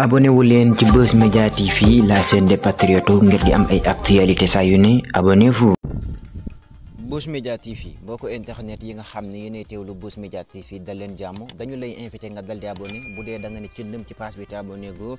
abonné wu leen ci Buzz Media TV la seen des patriotes ngir di am ay actualité saa yu ne abonnez-vous. Buzz Media TV boo ko internet yi nga xam ne yéenay teewlu Buzz Media TV dal leen jàmm dañu lay invité nga dal di abonné bu dee da nga ne ci ndëm bi te abonné go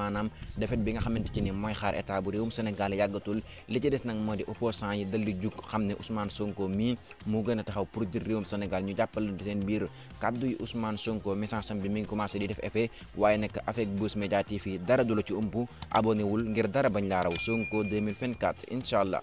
maanaam defet bi nga xamante ci ni mooy xaar état bu réewum Sénégal yàggatul li ci des nag moo di opposant yi dal di jug xam ne Ousmane Sonko mii moo gën a taxaw pour jël réewum Sénégal ñu jàppal seen biir kàddu yi Ousmane Sonko message am bi mi ngi commencé di def effet waaye nag avec buzz médiatif yi dara du la ci ëmb abonné wul ngir dara bañ laa raw Sonko 2024 incha allah